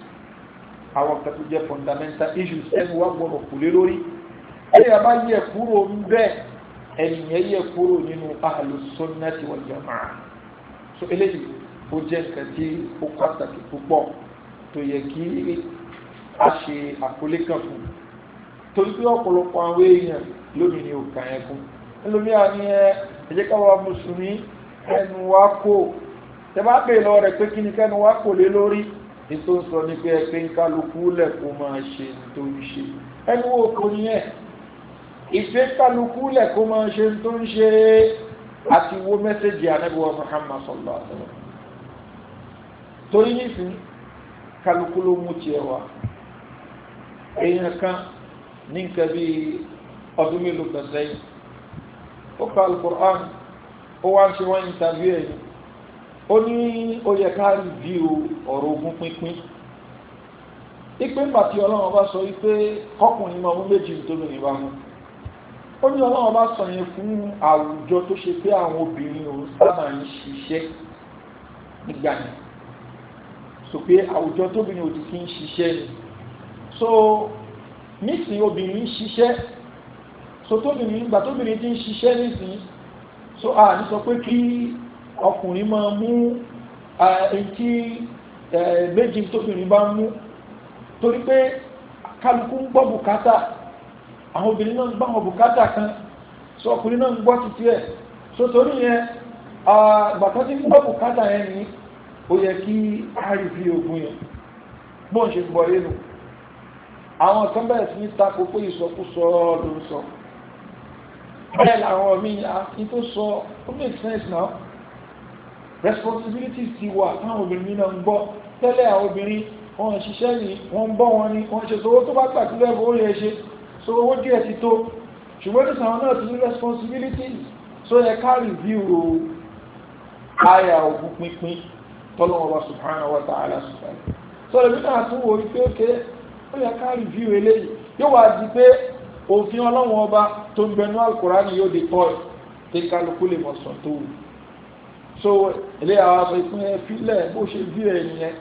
àwọn kan tó jẹ́ fundamental issues ẹnu wa gbọ́dọ̀ kù lé lórí ẹ̀yà bá yẹ kúrò ń bẹ́ ẹ̀yìn yẹ kúrò nínú ahlus sunnati wal jamaa so eléyìí ó jẹ́ nǹkan tí ó pàtàkì púpọ̀ tó yẹ kí a ṣe àkólé kan fún torí pé ọ̀pọ̀lọpọ̀ àwọn èèyàn lónìí ni ò kà yẹn fún ẹlòmíà ni ẹ ẹ̀jẹ̀ káwa mùsùlùmí ẹnu wa kò tẹ bá pè lọ rẹ̀ pé kí ni kẹ́nu wa kò lé lórí ní tó ń sọ ní pé ẹgbẹ́ ń kálukú lẹ̀ kó máa ṣe tó ń ṣe ẹnu òkò ni ẹ̀ ìfẹ́ kálukú lẹ̀ máa ṣe tó ń ṣe àti wo mẹ́sẹ̀gì anábíwá Muhammad sallallahu alaihi wasallam torí nísìn kálukú ló mú tiẹ̀ wá èèyàn kan ní nǹkan bíi ọdún mélòó kan sẹ́yìn ó ka alukur'an ó wá ń ṣe wọ́n ìntàbí ẹ̀yìn ó ní ó yẹ ká rí ọ̀rọ̀ ogún pínpín ipe ńgbà tí ọlọ́run ọba sọ wípé kọkùnrin máa mú méjì nítorí ìwà mu ó ní ọlọ́run ọba sọ yẹn fún àwùjọ tó ṣe pé àwọn obìnrin òun sábà ń ṣiṣẹ́ nígbà yẹn sọ pé àwùjọ tóbìnrin òdì kí ń ṣiṣẹ́ ni so nísìnyí obìnrin ń ṣiṣẹ́ so tóbìnrin ìgbà tóbìnrin ti ń ṣiṣẹ́ nísìnyí so a ní sọ pé kí ọkùnrin máa mú etí méjì tóbìnrin bá mú torí pé kálukú ń gbọ́ bùkátà àwọn obìnrin náà ń gbọ́ bùkátà kan so ọkùnrin náà ń gbọ́ títí ẹ̀ so torí yẹn gbàtọ́ tí ń gbọ́ bùkátà yẹn ni ó yẹ kí a rí fi ogun yẹn bó ń ṣe gbọ́ yẹn nù àwọn kan bẹ̀rẹ̀ sí ní takò pé ìsọkúsọ ló ń sọ bẹ́ẹ̀ làwọn míì àti tó sọ ó make sense now responsibilities ti wà táwọn obìnrin náà ń gbọ́ tẹ́lẹ̀ àwọn obìnrin wọ́n ṣiṣẹ́ ní wọ́n bọ́ wọn ní wọ́n ṣe sówó tó bá gbà sílẹ̀ bó lè ṣe so owó díẹ̀ ti tó ṣùgbọ́n ní náà ti ní responsibilities so yẹ ká review o àyà ògùn pínpín tọ́lọ́wọ́ subhanahu wa ta'ala so ẹ̀mí náà tún wò wípé ókè ó yẹ ká review eléyìí yóò wá di pé òfin ọlọ́wọ́n ọba tó ń bẹnu Al-Qur'ani yóò di tọ́ ẹ̀ kí kálukú lè mọ̀ sàn wù so ilé àwọn aṣọ ìpínlẹ̀ fílẹ̀ bó ṣe bí ẹ̀ nìyẹn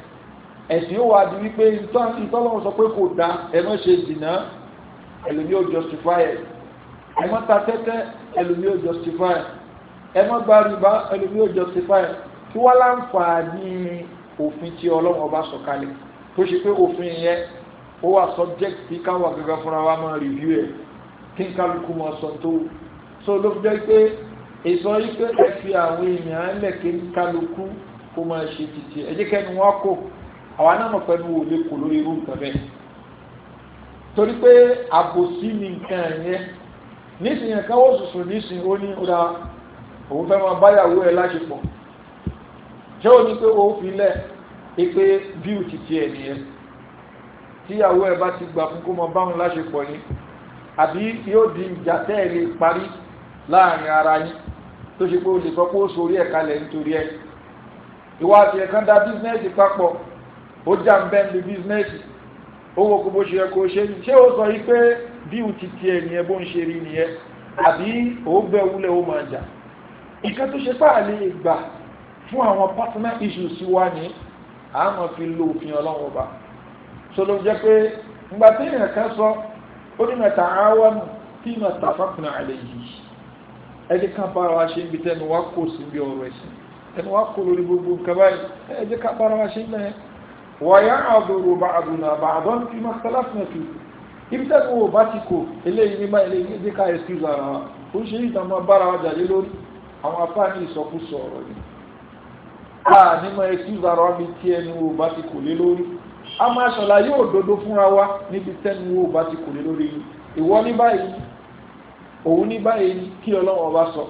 ẹ̀sìn ó wà di wípé ìtọ́lọ́run sọ pé kò dá ẹ̀mọ́ ṣe dìná ẹlòmí ò justify ẹ̀ ẹ̀mọ́ ta tẹ́tẹ́ ẹlòmí ò justify ẹ̀ ẹ̀mọ́ gba rìbá ẹlòmí ò justify ẹ̀ kí wọ́n láǹfààní òfin tí ọlọ́run ọba sọ kalẹ̀ tó ṣe pé òfin yẹn ó wà subject tí káwọn gẹ́gẹ́ fúnra wa máa review ẹ̀ kí n kálukú mọ̀ sọ tó so ló fi jẹ́ pé èso wípé ẹ fi àwọn èèyàn ẹlẹ́kẹ́ kálukú kó máa ṣe títí ẹ jẹ́ kẹ́ni wọ́n kó àwa náà mọ̀ pẹ̀lú wò lè kó lórí irú nǹkan bẹ́ẹ̀ torí pé àbòsí ni nǹkan yẹn nísìnyẹn kan ó sùsù nísìn ó ní ó dáa òun fẹ́ máa báyàwó ẹ láṣepọ̀ ṣé o ní pé o fi lẹ̀ pé bíu títí ẹ̀ nìyẹn tíyàwó ẹ bá ti gbà fún kó máa báwọn láṣepọ̀ yìí àbí yóò di ìjà tẹ́ẹ̀lì parí láàrin ara yín tó ṣe pé o lè sọ pé ó sori ẹ̀ kalẹ̀ nítorí ẹ̀ ìwà àti ẹ̀kan da bísínẹ́sì papọ̀ ó jà ń bẹ́ẹ̀ lu bísínẹ́sì ó wo kó bó ṣe yẹ kó ṣe ni ṣé o sọ yìí pé bí o ti tiẹ̀ nìyẹn bó ń ṣe rí nìyẹn àbí o gbẹ wúlẹ̀ o máa jà ìkan tó ṣe fáàlì ìgbà fún àwọn personal issues wa ni àmọ́ fi lo òfin ọlọ́run ọba sọlọ jẹ pé ńgbà tí èèyàn sọ ó ní mẹ́ta àwọn tí mà tàfàkùnà àlè yìí ẹ jẹ́ ká bára wa ṣe ń bi tẹnu wa kò sí bí ọ̀rọ̀ ẹ̀sìn ẹnu wa kò lórí gbogbo nǹkan báyìí ẹ jẹ́ ká bára wa ṣe ń bẹ̀rẹ̀ wàyà àdúró bàdùnà bàdùn fi máa sálàfínà tù ibi tẹ́nu wo bá ti kò eléyìí ní báyìí eléyìí ní ká ẹ̀sìkúzù ara wa ó ṣe yìí tàwọn bára wa jàlé lórí àwọn afáàní ìsọkúsọ ọ̀rọ̀ ni a ní máa ẹ̀sìkúzù wa bí tí ẹnu wo bá ti kò lé lórí a máa ṣàlàyé òdodo fúnra wa níbi tẹ́nu wo bá ti kò lé lórí ìwọ ní báyìí òun ní báyìí kí ọlọ́wọ́ bá sọ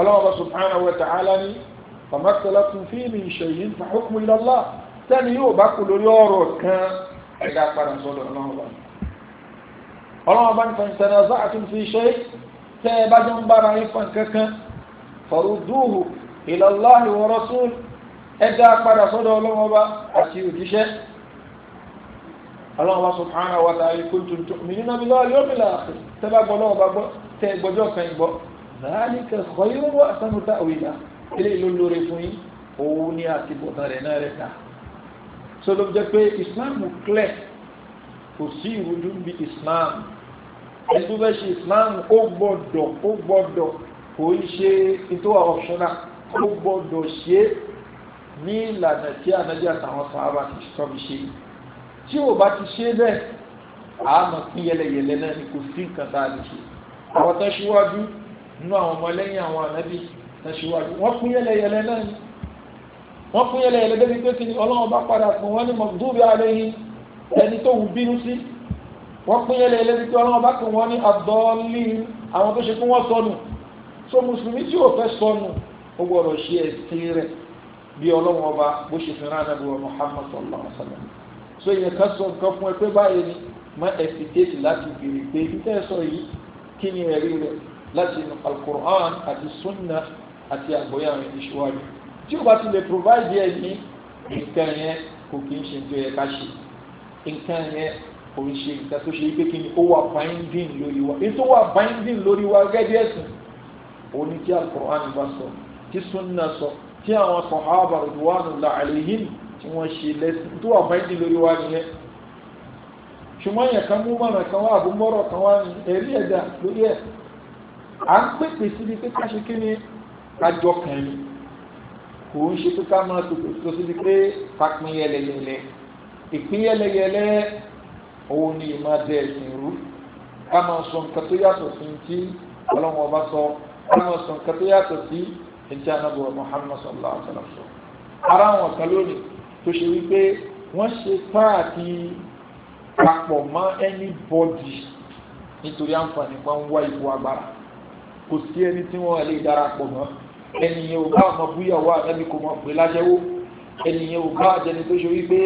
ọlọ́wọ́ bá subhanahu wa ta'ala ní famakala tún fi mi shay'in fa hukmu ila Allah tẹ́ni yóò bá kú lórí ọ̀rọ̀ kan ẹ̀dá padà sọ́dọ̀ ọlọ́wọ́ bá ọlọ́wọ́ bá ní fa tanaza'tum fi shay' tẹ́ ẹ bá jọ ń bára Allah subhanahu wa ta'ala kuntum tu'minuna billahi wal yawmil akhir tẹ́bá gbọ́ lọ́wọ́ bá gbọ́ tẹ́ gbọ́jọ́ kan gbọ́ dhalika khayrun wa ahsanu ta'wila ilé ìlú lórí fún yín òun ní àti bọ̀tà rẹ̀ náà rẹ̀ ká so ló jẹ́ pé Islam clear kò sí ìrújú bí Islam ẹ̀sùn bẹ́ẹ̀ ṣe Islam ó gbọ́dọ̀ ó gbọ́dọ̀ kò í ṣe ìtòwà optional ó gbọ́dọ̀ ṣe ní ìlànà tí ànájà àtàwọn sábà ti sọ́ fi ṣe yìí tí ò bá ti ṣe bẹ́ẹ̀ àmọ̀ pín yẹlẹyẹlẹ náà ni kò sí nǹkan tá a lè ṣe àwọn tó ṣíwájú nínú àwọn ọmọlẹ́yìn àwọn ànábì tó ṣíwájú wọ́n pín yẹlẹyẹlẹ náà ni wọ́n pín yẹlẹyẹlẹ débi pé kí ni ọlọ́run bá padà fún wọn ní mọ̀gbúbi àlẹ́yìn ẹni tó wù bínú sí wọ́n pín yẹlẹyẹlẹ débi pé ọlọ́run bá pín wọn ní àdọ́ọ́lì àwọn tó ṣe fún wọn sọnù so mùsùlùmí tí ò fẹ́ sọnù ó gbọ́dọ̀ ṣe ẹ̀sìn rẹ̀ bí ọlọ́run ọba bó ṣe fi rán anábìwọ̀n Muhammad sallallahu alaihi wa sallam so èèyàn kan sọ nǹkan fún ẹ pé báyìí ni má ẹ̀sìtéètì láti béèrè pé títẹ́ ẹ sọ yìí kí ni ẹ̀rí rẹ̀ láti inú alukur'an àti sunna àti àgbọ̀yà rẹ̀ ìṣíwájú tí o bá ti lè provide ẹ ní nǹkan yẹn kò kí n ṣe nǹkan yẹn ká ṣe nǹkan yẹn kò ń ṣe nǹkan tó ṣe pé kí ni ó wà binding lórí wa èyí tó wà binding lórí wa gẹ́gẹ́ bí ẹ̀sìn òní tí alukur'an bá sọ tí sunna sọ tí àwọn sọ̀hábà rẹ̀ wà nù làálẹ̀ yìí tí wọ́n ṣe lẹ́sìn tó wà máìdì lórí wa nìyẹn ṣùgbọ́n yẹn kan mú mọ̀ràn kan wá àbúmọ́rọ̀ kan wá ní ẹ̀rí ẹ̀dá lórí ẹ̀ à ń pèpè síbi pé ká ṣe kí ni kájọ kan ni kò ń ṣe pé ká máa tòkòtò síbi pé ká pín yẹlẹyẹlẹ ìpín yẹlẹyẹlẹ òun ni ìmọ̀ adé ẹ̀sìn rú ká máa sọ nǹkan tó yàtọ̀ sí ti ọlọ́run ọba sọ ká máa sọ nǹkan tó yàtọ̀ sí ẹ̀jẹ̀ anábọ̀ Muhammad sallallahu alaihi tó ṣe wípé wọ́n ṣe páàkì papọ̀ mọ́ anybody nítorí àǹfààní pa ń wá ipò agbára kò sí ẹni tí wọ́n lè darapọ̀ mọ́ ẹnìyẹn ò bá ọmọ búyàwó àtẹ́bí kò mọ̀ pé lájẹ́wó ẹnìyẹn ò bá àjẹni tó ṣe wípé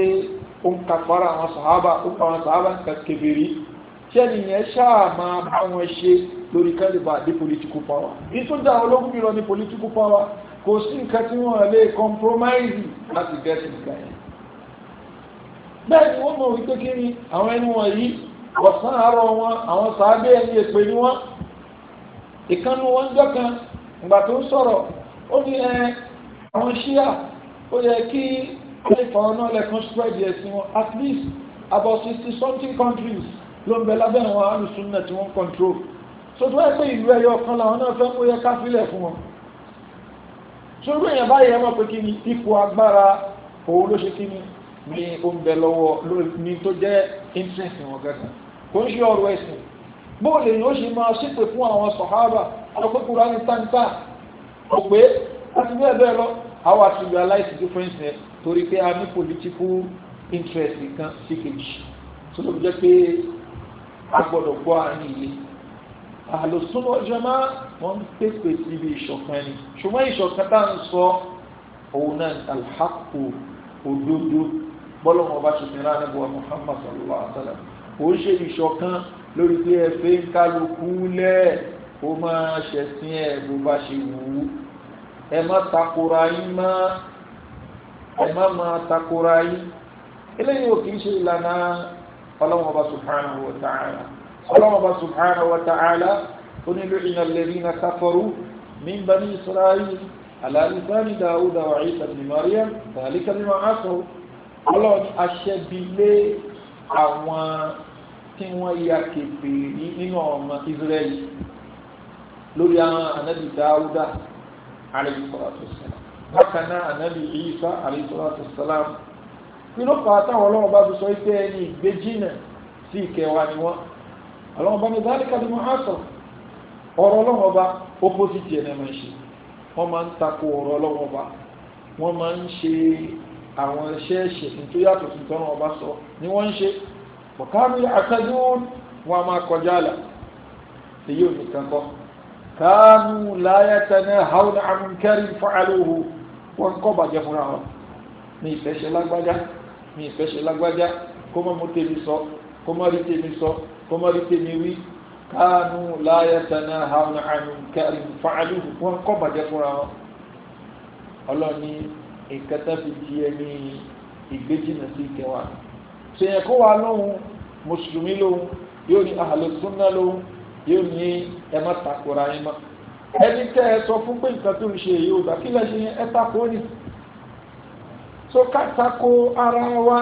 ó ń kàfàrà àwọn sàhábà ó pa àwọn sàhábà ń kà kébèrè tí ẹnìyẹn ṣáà máa bá wọn ṣe lórí kálíbà dé political power nítorí ológun mi lọ ní political power kò sí nǹkan tí wọ́n lè compromise láti gẹ́sì nǹkan yẹn bẹ́ẹ̀ ni wọ́n mọ̀ wípé kí ni àwọn ẹni wọ̀nyí ọ̀sán àárọ̀ wọn àwọn sàábé ẹni èpè ni wọ́n ìkànnì wọn jọ kan ìgbà tó ń sọ̀rọ̀ ó ní ẹ àwọn ṣíà ó yẹ kí ẹ̀fọ́ náà lẹ́kan spread yẹ sí wọn at least about sixty something countries ló ń bẹ lábẹ́ àwọn alùsùn náà tí wọ́n control so tó wáyé pé ìlú ẹ̀yọ kan làwọn náà fẹ́ kó yẹ káfílẹ̀ fún wọn sórí èèyàn báyìí ẹ máa pé kí ni ipò agbára òun ló ṣe kí ni ní oúnjẹ lọ́wọ́ ní tó jẹ́ interest wọn gẹ́gẹ́ kò ń ṣe ọ̀rọ̀ ẹ̀sìn bóòlù ni ó ṣe máa ṣépè fún àwọn sọ̀hábà alùpùpù rání táńtà kò pé láti bẹ́ẹ̀ bẹ́ẹ̀ lọ àwọn àti realize difference torí pé a ní political interest kan sí kejì tó ló jẹ́ pé a gbọ́dọ̀ gbọ́ àárín ilé àlòsúnmọ́ jọmọ́ wọ́n pèpè síbi ìṣọ̀kan ni ṣùgbọ́n ìṣọ̀kan tá à ń sọ òun náà alhaqu òdodo bọ́lọ́mọ bá ṣe fẹ́ràn ní buwa Muhammad sallallahu alaihi wa sallam ó ṣe ìṣọ̀kan lórí pé ẹ̀fẹ́ ń kálukú lẹ̀ ó máa ṣẹ̀sìn ẹ̀ bó bá ṣe wù ú ẹ má takora yín má ẹ má máa takora yín eléyìí ò kì í ṣe ìlànà ọlọ́mọba subhanahu wa ta'ala ọlọ́mọba subhanahu wa ta'ala onílùú alladhina kafaru min bani isra'il ala lisani dawuda wa isa ibn maryam dhalika bima asaw ọlọ́ọ̀ni aṣẹ́bilé àwọn tí wọ́n ya kèfèrí nínú ọmọ israẹli lórí àwọn anabi dawuda alayhi salatu wassalam bákan náà anabi isa alayhi salatu wassalam nínú sọ pé ẹni ìgbéjìnà sí ìkẹwàá ni wọ́n àwọn ọba ní zálíkà ni wọ́n á sọ ọ̀rọ̀ ọlọ́wọ́n ọba opposite ẹ̀ náà máa ń ṣe wọ́n máa ń takò ọ̀rọ̀ ọlọ́wọ́n ọba wọ́n máa ń ṣe àwọn iṣẹ́ ìṣẹ̀sìn tó yàtọ̀ sí tọ́nà ọba sọ ni wọ́n ń ṣe ọ̀kánú àtàjú wọn a máa kọjá àlà èyí ò ní kankan kánú láyàtà náà haúnà àmúkẹ́rì fa'aluhu wọn kọ́ bàjẹ́ fúnra wọn ní ìfẹ́ṣẹ́ lágbájá ní ìfẹ́ṣẹ́ lágbájá kó mọ́ mú tèmi sọ kó mọ́ rí tèmi sọ kọmọrí tèmi wí káánú láyé tẹ̀lé àwọn àmì kẹrin fàálù wọn kọ́ bàjẹ́ fúnra wọn ọlọ́ni ìkẹta fi di ẹni ìgbéjìnà sí ìkẹwàá ṣèyàn kó wa lóhun mùsùlùmí lóhun yóò ní ahàlẹ̀ súnná lóhun yóò ní ẹ takora yín ẹni tẹ́ ẹ sọ fún pé nǹkan tó ń ṣe yìí ò gbà kí lẹ́ ṣe yẹn ẹ tako ni so ká tako ara wa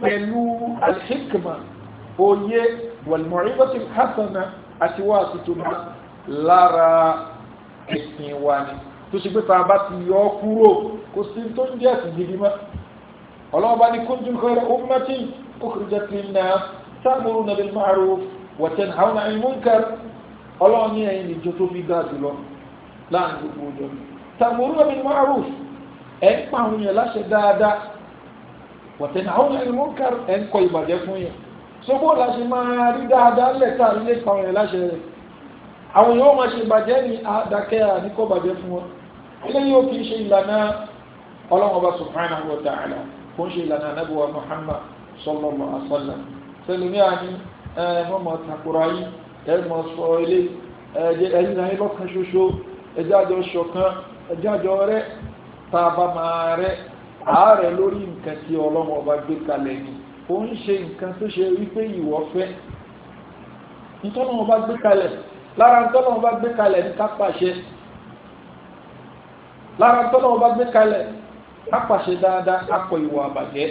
pẹ̀lú alhikma oyé wàlmọ̀rìbọ̀tì hasana àti wá àtútù mọ́ lára ẹ̀sìn wa ni tó ṣe pé tá a bá ti yọ ọ́ kúrò kò sí tó ń jẹ́ ẹ̀sìn gidi mọ́ ọlọ́wọ́ bá ní kuntum khayra ummatin ukhrijat linnas ta'muruna bil ma'ruf wa tanhawna 'anil munkar ọlọ́wọ́ ní ẹ̀yin ìjọ tó fi dáa jùlọ láàrin gbogbo ọjọ́ ta'muruna bil ma'ruf ẹ̀ ń pa àwọn yẹn láṣẹ dáadáa wa tanhawna munkar ẹ̀ ń kọ sọ́bọ̀ láṣẹ máa rí dáadáa lẹ́ta nílé kan rẹ̀ láṣẹ rẹ̀ àwọn èèyàn máa ṣe ìbàjẹ́ ní àdàkẹ́ àníkọ́ bàjẹ́ fún wọn eléyìí ó kì í ṣe ìlànà ọlọ́run ọba subhanahu wa ta'ala kò ń ṣe ìlànà anábíwá muhammad sallallahu alaihi wasallam sẹlẹ̀mí àní ẹ̀ẹ́mọ́ mọ̀ takura yìí ẹ̀ẹ́mọ̀ sọ ilé ẹ̀yìn ayé lọ́kàn ṣoṣo ẹjẹ́ àjọ ṣọ̀kan ẹjẹ́ àjọ rẹ̀ tá a bá lórí nǹkan tí ọlọ́run ọba gbé kalẹ̀ yìí ó ń ṣe nǹkan tó ṣe wípé ìwọ fẹ́ ntọ́nà wọn bá gbé kalẹ̀ lára ntọ́nà wọn bá gbé kalẹ̀ ní kápàṣẹ lára ntọ́nà wọn bá gbé kalẹ̀ kápàṣẹ dáadáa akọ ìwà àbàjẹ́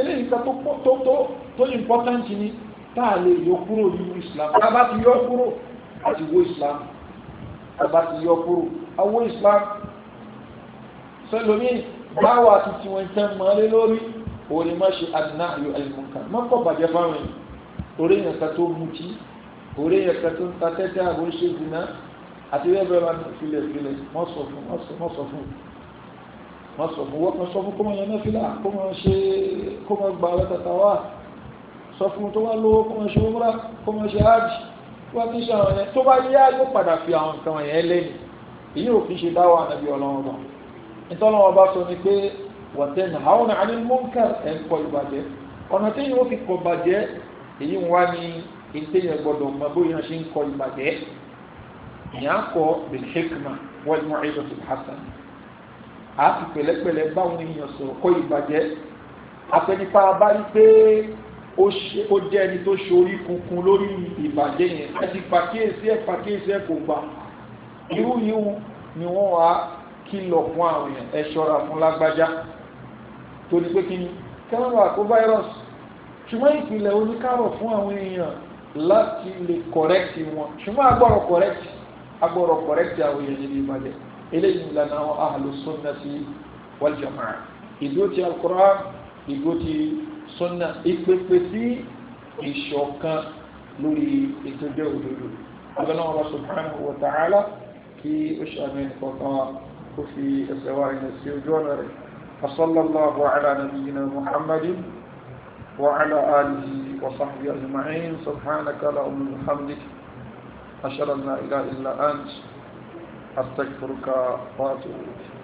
eléyìí kan tó tó tó tó important ni tá a lè yọ kúrò nínú Islam tá a bá ti yọ kúrò a ti wó Islam tá a bá ti yọ kúrò a wó Islam sẹlómi báwa tuntun wọn tẹ́ mọ́ lé lórí òun ni má ṣe àdínà ayò àìmọ̀ǹkà má kọ́ bàjẹ́ fáwọn èèyàn orí èèyàn kan tó mú kí orí èèyàn kan tó ń ta tẹ́tẹ́ àbò ń ṣe dìnnà àti bẹ́ẹ̀ bẹ́ẹ̀ bá filẹ̀ filẹ̀ mọ́ sọ fún mọ́ sọ fún mọ́ sọ fún wọ́n kan sọ fún kó mọ yẹn fílà kó mọ ṣe kó mọ gba ọ̀rẹ́ tata wá sọ fún tó wá lówó kó mọ ṣe wúrà kó mọ ṣe hajj wọ́n ti ṣe àwọn yẹn tó bá yá yóò padà fi àwọn nǹkan yẹn lẹ́yìn èyí ò fi ṣe dáwọ́ ànábì ọlọ́run náà nítorí wọn bá sọ ni pé watanhauna 'anil munkar ẹ̀ ń kọ ìbàjẹ́ ọ̀nà téèyàn ó fi kọ ìbàjẹ́ èyí ń wá ní téèyàn gbọ́dọ̀ mọ bóyá ṣe ń kọ ìbàjẹ́ ìyá kọ bil hikma wal mau'izatil hasana a fi pẹ̀lẹ́pẹ̀lẹ́ báwọn èèyàn sọ̀rọ̀ kọ ìbàjẹ́ afẹnipa bá rí pé ó jẹ́ ẹni tó ṣorí kunkun lórí ìbàjẹ́ yẹn ẹ ti pàkíyèsí ẹ pàkíyèsí ẹ kò gbà irú yìí ni wọ́n wá kìlọ̀ fún àwọn èèyàn ẹ ṣọ́ra fún lágbájá torí pé kí ni kẹ́mọ́bà kó virus ṣùgbọ́n ìpìlẹ̀ oníkàrọ̀ fún àwọn èèyàn láti lè correct wọn ṣùgbọ́n agbọ́rọ̀ correct agbọ́rọ̀ correct àwọn èèyàn níbi ìmọ̀lẹ̀ eléyìí ìlànà àwọn ahlu sunnati wal jamaa ìdó ti al-Qur'an ìdó ti sunna ìpèpè sí ìṣọ̀kan lórí ìtọ́jọ́ òdodo abẹ́lẹ́ wọn bá subhanahu wa ta'ala kí ó وصلى الله على نبينا محمد وعلى آله وصحبه أجمعين سبحانك اللهم وبحمدك أشهد أن لا إله إلا أنت أستغفرك وأتوب إليك